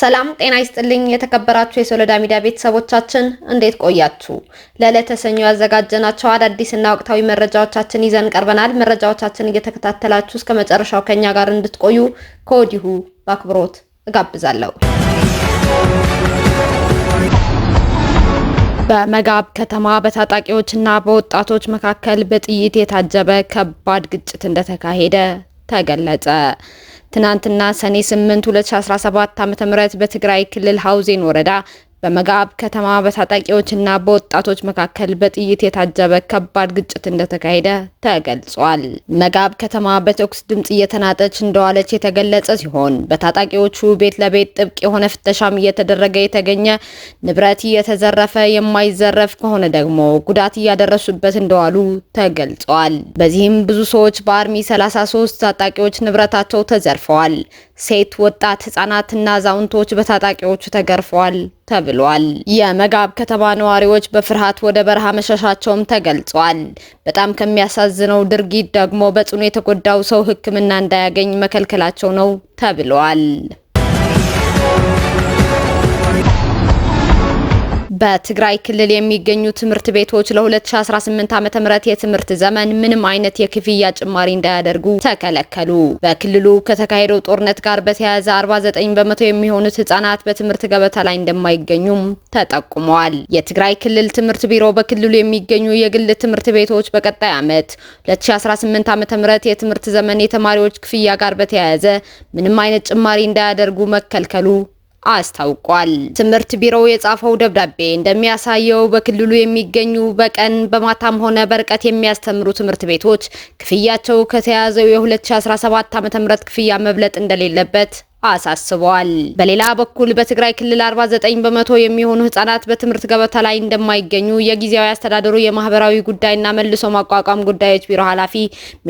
ሰላም ጤና ይስጥልኝ። የተከበራችሁ የሶለዳ ሚዲያ ቤተሰቦቻችን እንዴት ቆያችሁ? ለዕለተ ሰኞ ያዘጋጀናቸው አዳዲስና ወቅታዊ መረጃዎቻችን ይዘን ቀርበናል። መረጃዎቻችን እየተከታተላችሁ እስከ መጨረሻው ከኛ ጋር እንድትቆዩ ከወዲሁ በአክብሮት እጋብዛለሁ። በመጋብ ከተማ በታጣቂዎች እና በወጣቶች መካከል በጥይት የታጀበ ከባድ ግጭት እንደተካሄደ ተገለጸ። ትናንትና ሰኔ 8 2017 ዓ.ም በትግራይ ክልል ሀውዜን ወረዳ በመጋብ ከተማ በታጣቂዎችና በወጣቶች መካከል በጥይት የታጀበ ከባድ ግጭት እንደተካሄደ ተገልጿል። መጋብ ከተማ በተኩስ ድምፅ እየተናጠች እንደዋለች የተገለጸ ሲሆን በታጣቂዎቹ ቤት ለቤት ጥብቅ የሆነ ፍተሻም እየተደረገ የተገኘ ንብረት እየተዘረፈ የማይዘረፍ ከሆነ ደግሞ ጉዳት እያደረሱበት እንደዋሉ ተገልጿል። በዚህም ብዙ ሰዎች በአርሚ 33 ታጣቂዎች ንብረታቸው ተዘርፈዋል። ሴት፣ ወጣት፣ ህጻናትና አዛውንቶች በታጣቂዎቹ ተገርፈዋል ተብሏል። የመጋብ ከተማ ነዋሪዎች በፍርሃት ወደ በረሃ መሸሻቸውም ተገልጿል። በጣም ከሚያሳዝነው ድርጊት ደግሞ በጽኑ የተጎዳው ሰው ሕክምና እንዳያገኝ መከልከላቸው ነው ተብሏል። በትግራይ ክልል የሚገኙ ትምህርት ቤቶች ለ2018 ዓ ም የትምህርት ዘመን ምንም አይነት የክፍያ ጭማሪ እንዳያደርጉ ተከለከሉ። በክልሉ ከተካሄደው ጦርነት ጋር በተያያዘ 49 በመቶ የሚሆኑት ህጻናት በትምህርት ገበታ ላይ እንደማይገኙም ተጠቁመዋል። የትግራይ ክልል ትምህርት ቢሮ በክልሉ የሚገኙ የግል ትምህርት ቤቶች በቀጣይ ዓመት 2018 ዓ ም የትምህርት ዘመን የተማሪዎች ክፍያ ጋር በተያያዘ ምንም አይነት ጭማሪ እንዳያደርጉ መከልከሉ አስታውቋል። ትምህርት ቢሮው የጻፈው ደብዳቤ እንደሚያሳየው በክልሉ የሚገኙ በቀን በማታም ሆነ በርቀት የሚያስተምሩ ትምህርት ቤቶች ክፍያቸው ከተያዘው የ2017 ዓ.ም ክፍያ መብለጥ እንደሌለበት አሳስበዋል። በሌላ በኩል በትግራይ ክልል 49 በመቶ የሚሆኑ ህጻናት በትምህርት ገበታ ላይ እንደማይገኙ የጊዜያዊ አስተዳደሩ የማህበራዊ ጉዳይና መልሶ ማቋቋም ጉዳዮች ቢሮ ኃላፊ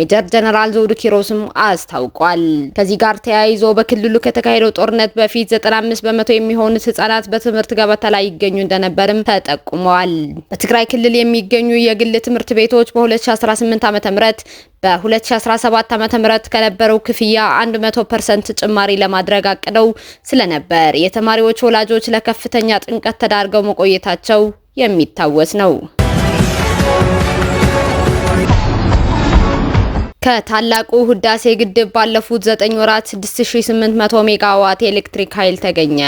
ሜጀር ጀነራል ዘውዱ ኪሮስም አስታውቋል። ከዚህ ጋር ተያይዞ በክልሉ ከተካሄደው ጦርነት በፊት 95 በመቶ የሚሆኑት ህጻናት በትምህርት ገበታ ላይ ይገኙ እንደነበርም ተጠቁመዋል። በትግራይ ክልል የሚገኙ የግል ትምህርት ቤቶች በ2018 ም በ2017 ዓ.ም ከነበረው ክፍያ 100% ጭማሪ ለማድረግ አቅደው ስለነበር የተማሪዎች ወላጆች ለከፍተኛ ጭንቀት ተዳርገው መቆየታቸው የሚታወስ ነው። ከታላቁ ህዳሴ ግድብ ባለፉት 9 ወራት 6800 ሜጋዋት የኤሌክትሪክ ኃይል ተገኘ።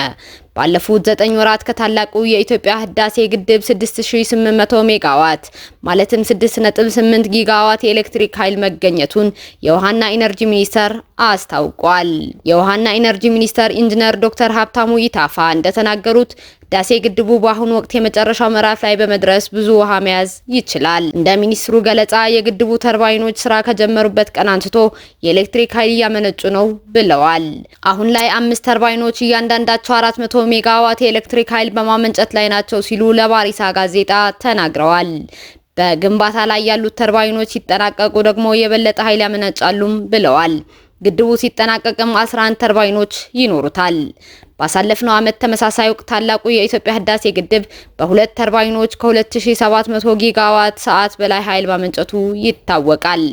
ባለፉት ዘጠኝ ወራት ከታላቁ የኢትዮጵያ ህዳሴ ግድብ 6800 ሜጋዋት ማለትም 6.8 ጊጋዋት የኤሌክትሪክ ኃይል መገኘቱን የውሃና ኢነርጂ ሚኒስቴር አስታውቋል። የውሃና ኢነርጂ ሚኒስቴር ኢንጂነር ዶክተር ሀብታሙ ኢታፋ እንደተናገሩት ዳሴ ግድቡ በአሁኑ ወቅት የመጨረሻው ምዕራፍ ላይ በመድረስ ብዙ ውሃ መያዝ ይችላል። እንደ ሚኒስትሩ ገለጻ የግድቡ ተርባይኖች ስራ ከጀመሩበት ቀን አንስቶ የኤሌክትሪክ ኃይል እያመነጩ ነው ብለዋል። አሁን ላይ አምስት ተርባይኖች እያንዳንዳቸው 400 ሜጋዋት የኤሌክትሪክ ኃይል በማመንጨት ላይ ናቸው ሲሉ ለባሪሳ ጋዜጣ ተናግረዋል። በግንባታ ላይ ያሉት ተርባይኖች ሲጠናቀቁ ደግሞ የበለጠ ኃይል ያመነጫሉም ብለዋል። ግድቡ ሲጠናቀቅም 11 ተርባይኖች ይኖሩታል። ባሳለፍነው ዓመት ተመሳሳይ ወቅት ታላቁ የኢትዮጵያ ህዳሴ ግድብ በሁለት ተርባይኖች ከ2700 ጊጋዋት ሰዓት በላይ ኃይል ማመንጨቱ ይታወቃል።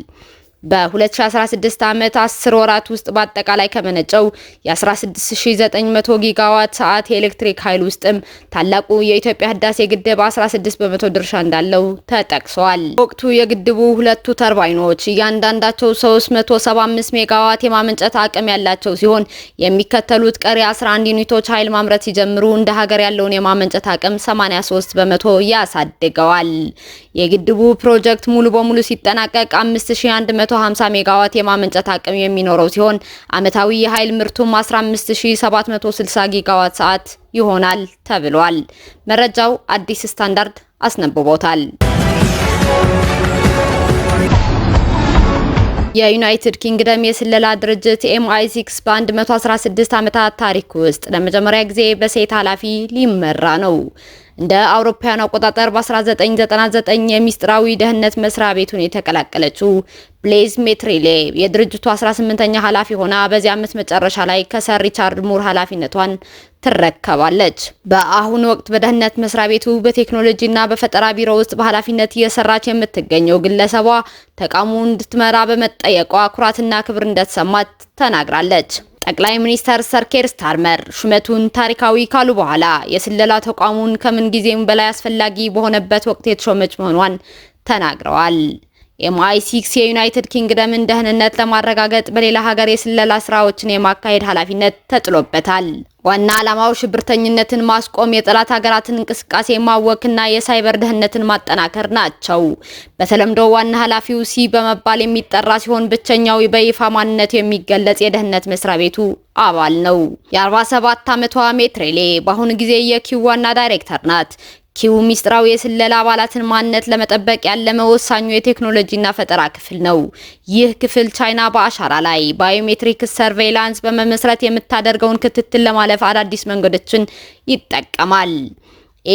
በ2016 ዓመት 10 ወራት ውስጥ በአጠቃላይ ከመነጨው የ16900 ጊጋዋት ሰዓት የኤሌክትሪክ ኃይል ውስጥም ታላቁ የኢትዮጵያ ህዳሴ ግድብ 16 በመቶ ድርሻ እንዳለው ተጠቅሷል። ወቅቱ የግድቡ ሁለቱ ተርባይኖች እያንዳንዳቸው 375 ሜጋዋት የማመንጨት አቅም ያላቸው ሲሆን የሚከተሉት ቀሪ 11 ዩኒቶች ኃይል ማምረት ሲጀምሩ እንደ ሀገር ያለውን የማመንጨት አቅም 83 በመቶ ያሳድገዋል። የግድቡ ፕሮጀክት ሙሉ በሙሉ ሲጠናቀቅ 5100 150 ሜጋዋት የማመንጨት አቅም የሚኖረው ሲሆን ዓመታዊ የኃይል ምርቱም 15760 ጊጋዋት ሰዓት ይሆናል ተብሏል። መረጃው አዲስ ስታንዳርድ አስነብቦታል። የዩናይትድ ኪንግደም የስለላ ድርጅት ኤምአይ ሲክስ በ116 ዓመታት ታሪክ ውስጥ ለመጀመሪያ ጊዜ በሴት ኃላፊ ሊመራ ነው። እንደ አውሮፓውያን አቆጣጠር በ1999 የሚስጥራዊ ደህንነት መስሪያ ቤቱን የተቀላቀለችው ብሌዝ ሜትሪሌ የድርጅቱ 18ኛ ኃላፊ ሆና በዚህ ዓመት መጨረሻ ላይ ከሰር ሪቻርድ ሙር ኃላፊነቷን ትረከባለች። በአሁኑ ወቅት በደህንነት መስሪያ ቤቱ በቴክኖሎጂና በፈጠራ ቢሮ ውስጥ በኃላፊነት እየሰራች የምትገኘው ግለሰቧ ተቃሙ እንድትመራ በመጠየቋ ኩራትና ክብር እንደተሰማት ተናግራለች። ጠቅላይ ሚኒስተር ሰር ኬር ስታርመር ሹመቱን ታሪካዊ ካሉ በኋላ የስለላ ተቋሙን ከምን ጊዜም በላይ አስፈላጊ በሆነበት ወቅት የተሾመች መሆኗን ተናግረዋል። ኤምአይ ሲክስ የዩናይትድ ኪንግደምን ደህንነት ለማረጋገጥ በሌላ ሀገር የስለላ ስራዎችን የማካሄድ ኃላፊነት ተጥሎበታል። ዋና ዓላማው ሽብርተኝነትን ማስቆም፣ የጠላት ሀገራትን እንቅስቃሴ ማወክና የሳይበር ደህንነትን ማጠናከር ናቸው። በተለምዶ ዋና ኃላፊው ሲ በመባል የሚጠራ ሲሆን ብቸኛው በይፋ ማንነቱ የሚገለጽ የደህንነት መስሪያ ቤቱ አባል ነው። የ47 ዓመቷ ሜትሬሌ በአሁኑ ጊዜ የኪው ዋና ዳይሬክተር ናት። ኪዩ ሚስጥራዊ የስለላ አባላትን ማንነት ለመጠበቅ ያለመ ወሳኙ የቴክኖሎጂና ፈጠራ ክፍል ነው። ይህ ክፍል ቻይና በአሻራ ላይ ባዮሜትሪክ ሰርቬይላንስ በመመስረት የምታደርገውን ክትትል ለማለፍ አዳዲስ መንገዶችን ይጠቀማል።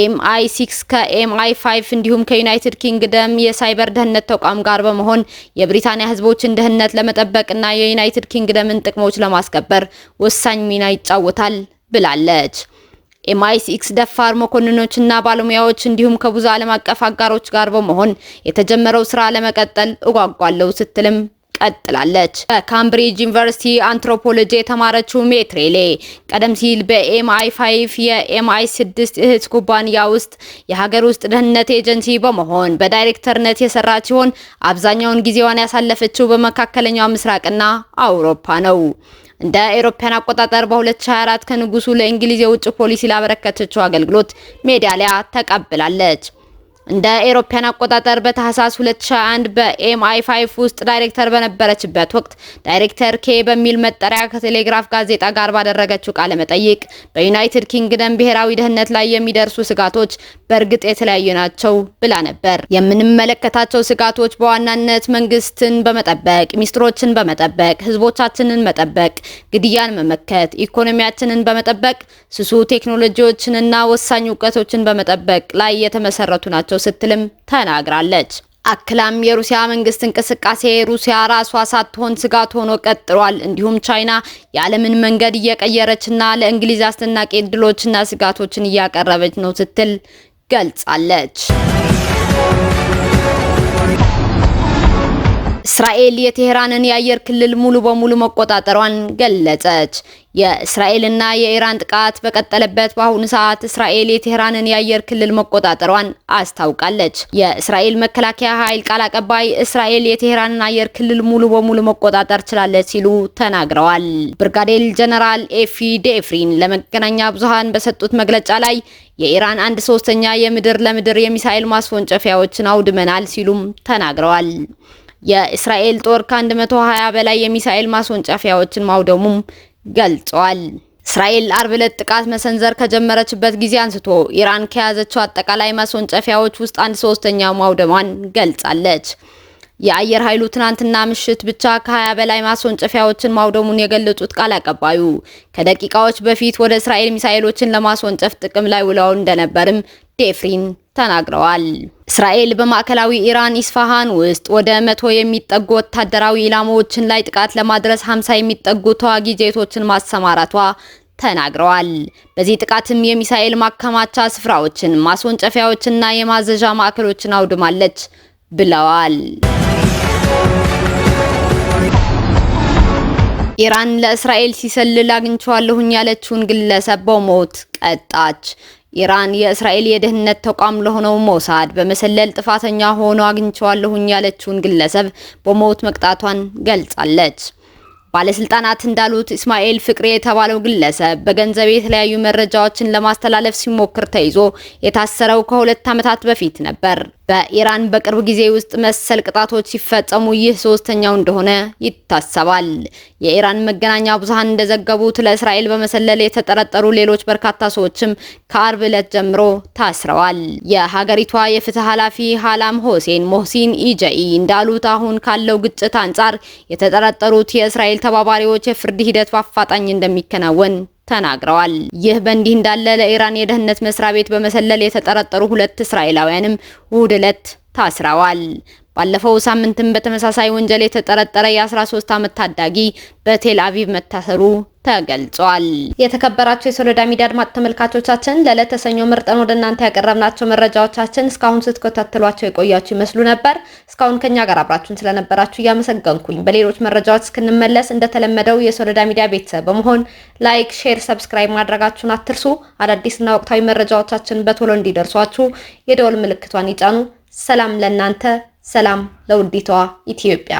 ኤምአይ ሲክስ ከኤምአይ ፋይቭ እንዲሁም ከዩናይትድ ኪንግደም የሳይበር ደህንነት ተቋም ጋር በመሆን የብሪታንያ ህዝቦችን ደህንነት ለመጠበቅና የዩናይትድ ኪንግደምን ጥቅሞች ለማስከበር ወሳኝ ሚና ይጫወታል ብላለች። ኤምአይሲክስ ደፋር መኮንኖችና ባለሙያዎች እንዲሁም ከብዙ ዓለም አቀፍ አጋሮች ጋር በመሆን የተጀመረው ስራ ለመቀጠል እጓጓለው ስትልም ቀጥላለች። በካምብሪጅ ዩኒቨርሲቲ አንትሮፖሎጂ የተማረችው ሜትሬሌ ቀደም ሲል በኤምአይ 5 የኤምአይ 6 እህት ኩባንያ ውስጥ የሀገር ውስጥ ደህንነት ኤጀንሲ በመሆን በዳይሬክተርነት የሰራች ሲሆን አብዛኛውን ጊዜዋን ያሳለፈችው በመካከለኛው ምስራቅና አውሮፓ ነው። እንደ አውሮፓውያን አቆጣጠር በ2024 ከንጉሱ ለእንግሊዝ የውጭ ፖሊሲ ላበረከተችው አገልግሎት ሜዳሊያ ተቀብላለች። እንደ ኤሮፓያን አቆጣጠር በታህሳስ 2001 በኤምአይ5 ውስጥ ዳይሬክተር በነበረችበት ወቅት ዳይሬክተር ኬ በሚል መጠሪያ ከቴሌግራፍ ጋዜጣ ጋር ባደረገችው ቃለ መጠይቅ በዩናይትድ ኪንግደም ብሔራዊ ደህንነት ላይ የሚደርሱ ስጋቶች በእርግጥ የተለያዩ ናቸው ብላ ነበር። የምንመለከታቸው ስጋቶች በዋናነት መንግስትን በመጠበቅ ሚስጥሮችን በመጠበቅ ህዝቦቻችንን መጠበቅ፣ ግድያን መመከት፣ ኢኮኖሚያችንን በመጠበቅ ስሱ ቴክኖሎጂዎችንና ወሳኝ እውቀቶችን በመጠበቅ ላይ የተመሰረቱ ናቸው ናቸው ስትልም ተናግራለች። አክላም የሩሲያ መንግስት እንቅስቃሴ ሩሲያ ራሷ ሳትሆን ስጋት ሆኖ ቀጥሏል። እንዲሁም ቻይና የዓለምን መንገድ እየቀየረችና ለእንግሊዝ አስደናቂ እድሎችና ስጋቶችን እያቀረበች ነው ስትል ገልጻለች። እስራኤል የቴህራንን የአየር ክልል ሙሉ በሙሉ መቆጣጠሯን ገለጸች። የእስራኤልና የኢራን ጥቃት በቀጠለበት በአሁኑ ሰዓት እስራኤል የቴሄራንን የአየር ክልል መቆጣጠሯን አስታውቃለች። የእስራኤል መከላከያ ኃይል ቃል አቀባይ እስራኤል የቴህራንን አየር ክልል ሙሉ በሙሉ መቆጣጠር ችላለች ሲሉ ተናግረዋል። ብርጋዴር ጀነራል ኤፊ ዴፍሪን ለመገናኛ ብዙሃን በሰጡት መግለጫ ላይ የኢራን አንድ ሶስተኛ የምድር ለምድር የሚሳኤል ማስወንጨፊያዎችን አውድመናል ሲሉም ተናግረዋል። የእስራኤል ጦር ከ120 በላይ የሚሳኤል ማስወንጨፊያዎችን ማውደሙም ገልጿል። እስራኤል አርብ ዕለት ጥቃት መሰንዘር ከጀመረችበት ጊዜ አንስቶ ኢራን ከያዘችው አጠቃላይ ማስወንጨፊያዎች ውስጥ አንድ ሶስተኛ ማውደሟን ገልጻለች። የአየር ኃይሉ ትናንትና ምሽት ብቻ ከ20 በላይ ማስወንጨፊያዎችን ማውደሙን የገለጹት ቃል አቀባዩ ከደቂቃዎች በፊት ወደ እስራኤል ሚሳኤሎችን ለማስወንጨፍ ጥቅም ላይ ውለው እንደነበርም ዴፍሪን ተናግረዋል። እስራኤል በማዕከላዊ ኢራን ኢስፋሃን ውስጥ ወደ መቶ የሚጠጉ ወታደራዊ ኢላማዎችን ላይ ጥቃት ለማድረስ 50 የሚጠጉ ተዋጊ ጄቶችን ማሰማራቷ ተናግረዋል። በዚህ ጥቃትም የሚሳኤል ማከማቻ ስፍራዎችን፣ ማስወንጨፊያዎችና የማዘዣ ማዕከሎችን አውድማለች ብለዋል። ኢራን ለእስራኤል ሲሰልል አግኝቼዋለሁኝ ያለችውን ግለሰብ በሞት ቀጣች። ኢራን የእስራኤል የደህንነት ተቋም ለሆነው ሞሳድ በመሰለል ጥፋተኛ ሆኖ አግኝቼዋለሁኝ ያለችውን ግለሰብ በሞት መቅጣቷን ገልጻለች። ባለስልጣናት እንዳሉት ኢስማኤል ፍቅሬ የተባለው ግለሰብ በገንዘብ የተለያዩ መረጃዎችን ለማስተላለፍ ሲሞክር ተይዞ የታሰረው ከሁለት ዓመታት በፊት ነበር። በኢራን በቅርብ ጊዜ ውስጥ መሰል ቅጣቶች ሲፈጸሙ ይህ ሶስተኛው እንደሆነ ይታሰባል። የኢራን መገናኛ ብዙሃን እንደዘገቡት ለእስራኤል በመሰለል የተጠረጠሩ ሌሎች በርካታ ሰዎችም ከአርብ ዕለት ጀምሮ ታስረዋል። የሀገሪቷ የፍትህ ኃላፊ ሃላም ሆሴን ሞህሲን ኢጀኢ እንዳሉት አሁን ካለው ግጭት አንጻር የተጠረጠሩት የእስራኤል ተባባሪዎች የፍርድ ሂደት በአፋጣኝ እንደሚከናወን ተናግረዋል። ይህ በእንዲህ እንዳለ ለኢራን የደህንነት መስሪያ ቤት በመሰለል የተጠረጠሩ ሁለት እስራኤላውያንም ውድለት ታስረዋል። ባለፈው ሳምንትም በተመሳሳይ ወንጀል የተጠረጠረ የ13 ዓመት ታዳጊ በቴል አቪቭ መታሰሩ ተገልጿል። የተከበራቸው የሶሎዳ ሚዲያ አድማጭ ተመልካቾቻችን ለዕለተ ሰኞ ምርጠን ወደ እናንተ ያቀረብናቸው መረጃዎቻችን እስካሁን ስትከታተሏቸው የቆያችሁ ይመስሉ ነበር። እስካሁን ከኛ ጋር አብራችሁን ስለነበራችሁ እያመሰገንኩኝ በሌሎች መረጃዎች እስክንመለስ እንደተለመደው የሶሎዳ ሚዲያ ቤተሰብ በመሆን ላይክ፣ ሼር፣ ሰብስክራይብ ማድረጋችሁን አትርሱ። አዳዲስና ወቅታዊ መረጃዎቻችን በቶሎ እንዲደርሷችሁ የደወል ምልክቷን ይጫኑ። ሰላም ለእናንተ ሰላም ለውዲቷ ኢትዮጵያ።